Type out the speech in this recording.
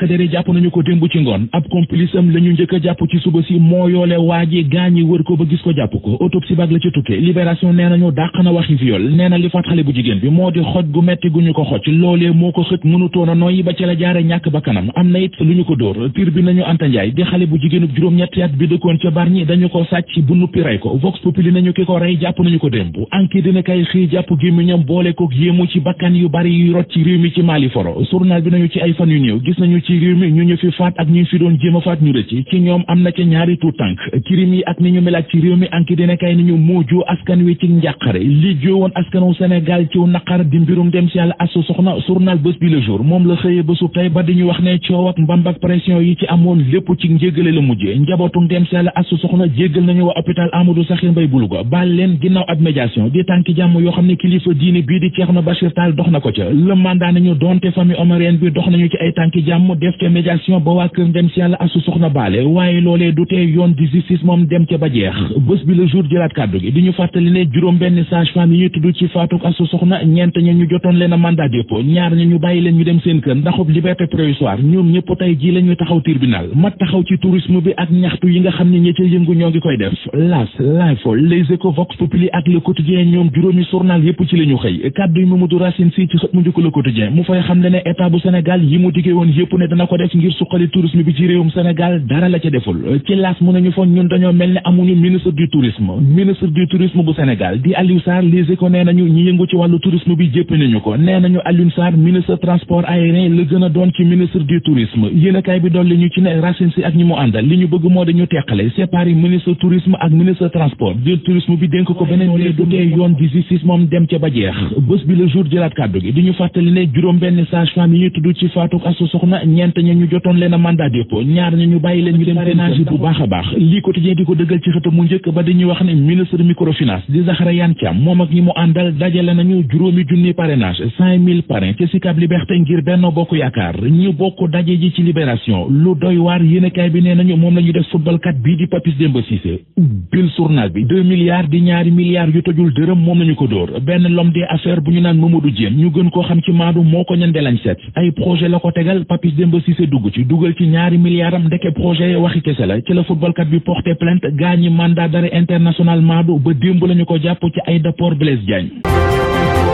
takk-der jàpp nañu ko démb ci ngoon ab complice am ñu njëkk a jàpp ci suba si moo yoole waaji gaañi wër ko ba gis ko jàpp ko autopsie bag la ci tukke libération nee nañu dàq na wax viol nee na li faat jigéen bi moo di xoj gu metti gu ñu ko xoj loolee moo ko xët mënutoon a nooyi ba ci la jaare ñàkk ba kanam am na it lu ñu ko dóor pir bi nañu Anta Njaay di xale bu jigéenub juróom-ñetti at bi dëkkoon ca Bargny dañu ko sàcc bu nuppi rey ko vox populi nañu ki ko rey jàpp nañu ko démb enquête dina kay xii jàpp gémmiñam boole ko yéemu ci bakkan yu bari yu ci réew mi ci Mali foro journal bi nañu ci ay fan yu néew gis nañu ci réew mi ñu ñu fi faat ak ñu fi doon jéem a faat ñu rëcc ci ñoom am na ca ñaari tuut tànk kirim yi ak ni ñu melaat ci réew mi anki dina kay ni ñu moojoo askan wi ci njàqare li joo woon askanu Sénégal ciw naqar di mbirum dem si yàlla asu soxna journal bés bi le jour moom la xëyee bésu tey ba di ñu wax ne coow ak mbambak pression yi ci amoon lépp ci njégale la mujjee njabootu dem si yàlla asu soxna jéggal nañu waa hôpital Amadou Sakhir Mbaye Boulouga baal leen ginnaaw ab médiation di tànki jàmm yoo xam ne kilifa diine bii di Cheikhna Bachir Tall dox na ko ca le mandat nañu doonte famille omarienne bi dox nañu ci ay tànki jàmm def ca médiation ba waa kër ndem si yàlla asu soxna baale waaye loolee du tee yoon di justice moom dem ca ba jeex bés bi le jour jëlaat kàddu gi di ñu fàttali ne juróom benn sage femme yi ñu ci faatuk asu soxna ñeent ña ñu jotoon leen a mandat dépôt ñaar ña ñu bàyyi leen ñu dem seen kër ndaxub liberté provisoire ñoom ñëpp tey ji la taxaw tribunal ma taxaw ci tourisme bi ak ñaxtu yi nga xam ne ñi yëngu ñoo ngi koy def las l'info les échos vox ne dana ko def ngir suqali tourisme bi ci Sénégal dara la ca deful ci laas mu ne ñu foog ñun dañoo mel ne amuñu ministre du tourisme bu Sénégal di Aliou Sarr lise ko nee nañu ñi yëngu ci wàllu tourisme bi jéppi nañu ko nee nañu Aliou Sarr ministre transport aérien la gën doon ci ministre du tourisme yéenekaay bi dolli ñu ci ne racine si ak ñi mu àndal li ñu bëgg moo dañu teqale séparé ministre tourisme ak ministre transport de tourisme bi dénk ko beneen ñeent ña ñu jotoon leen a mandat dépôt ñaar ña ñu bàyyi leen ñu dem pénage bu baax a baax lii quotidien di ko dëggal ci xëtam mu njëkk ba dañuy wax ne ministre microfinance di Zahra Iyane Thiam moom ak ñi mu àndal dajale nañu juróomi junni parrainage cinq mille parrain ci ngir Benno Bokk Yaakaar ñu bokk daje ji ci libération lu doy waar yéenekaay bi nee nañu moom la ñu def footballkat bii di Papis Demba Cissé bil bi deux milliards di ñaari milliards yu tojul dërëm ko dóor benn l'homme d'affaires bu ñu naan Mamadou Diène ñu gën koo xam ci Maadou ko ñandelañ set ay projet Demba Cissé dugg ci dugal ci ñaari milliards am ndeke projet waxi kese la ci la footballkat bi porté plainte gaañi mandat d'arrêt international maadu ba démb lañu ko jàpp ci aéroport Blaise Diagne